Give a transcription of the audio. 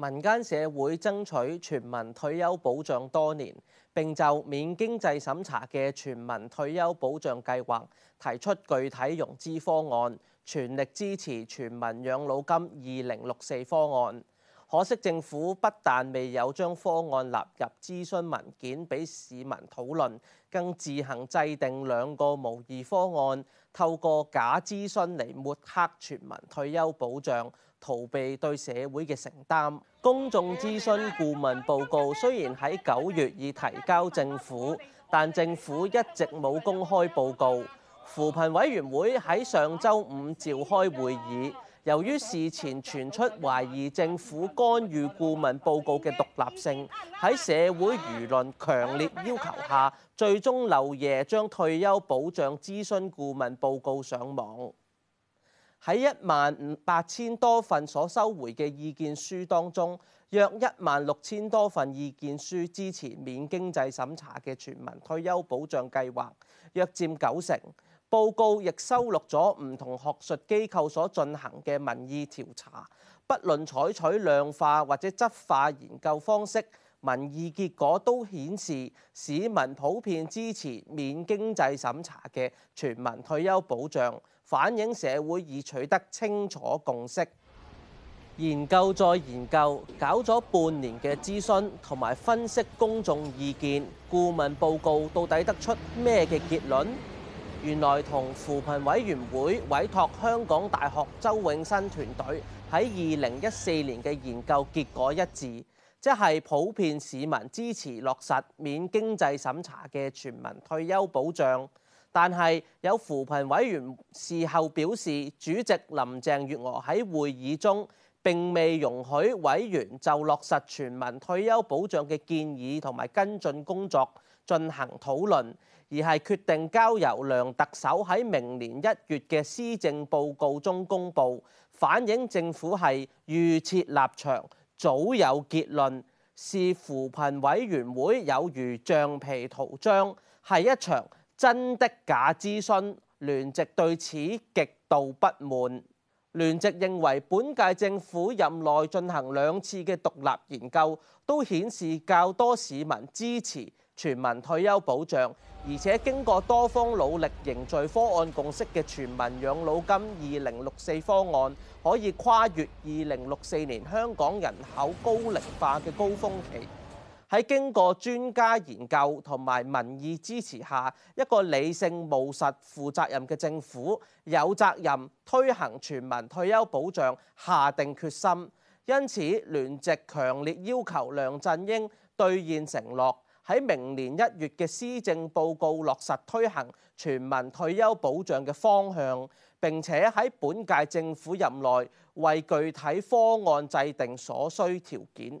民間社會爭取全民退休保障多年，並就免經濟審查嘅全民退休保障計劃提出具體融資方案，全力支持全民養老金二零六四方案。可惜政府不但未有將方案納入諮詢文件俾市民討論，更自行制定兩個模擬方案，透過假諮詢嚟抹黑全民退休保障，逃避對社會嘅承擔，公眾諮詢顧問報告雖然喺九月已提交政府，但政府一直冇公開報告。扶貧委員會喺上周五召開會議。由於事前傳出懷疑政府干預顧問報告嘅獨立性，喺社會輿論強烈要求下，最終漏夜將退休保障諮詢顧問報告上網。喺一萬八千多份所收回嘅意見書當中，約一萬六千多份意見書支持免經濟審查嘅全民退休保障計劃，約佔九成。報告亦收錄咗唔同學術機構所進行嘅民意調查，不論採取量化或者質化研究方式，民意結果都顯示市民普遍支持免經濟審查嘅全民退休保障，反映社會已取得清楚共識。研究再研究，搞咗半年嘅諮詢同埋分析公眾意見，顧問報告到底得出咩嘅結論？原來同扶貧委員會委託香港大學周永新團隊喺二零一四年嘅研究結果一致，即係普遍市民支持落實免經濟審查嘅全民退休保障。但係有扶貧委員事後表示，主席林鄭月娥喺會議中，並未容許委員就落實全民退休保障嘅建議同埋跟進工作進行討論，而係決定交由梁特首喺明年一月嘅施政報告中公布。反映政府係預設立場，早有結論，是扶貧委員會有如橡皮圖章，係一場真的假諮詢。聯席對此極度不滿。聯席認為，本屆政府任內進行兩次嘅獨立研究，都顯示較多市民支持全民退休保障，而且經過多方努力凝聚方案共識嘅全民養老金二零六四方案，可以跨越二零六四年香港人口高齡化嘅高峰期。喺經過專家研究同埋民意支持下，一個理性務實、負責任嘅政府有責任推行全民退休保障，下定決心。因此，聯席強烈要求梁振英兌現承諾，喺明年一月嘅施政報告落實推行全民退休保障嘅方向，並且喺本屆政府任內為具體方案制定所需條件。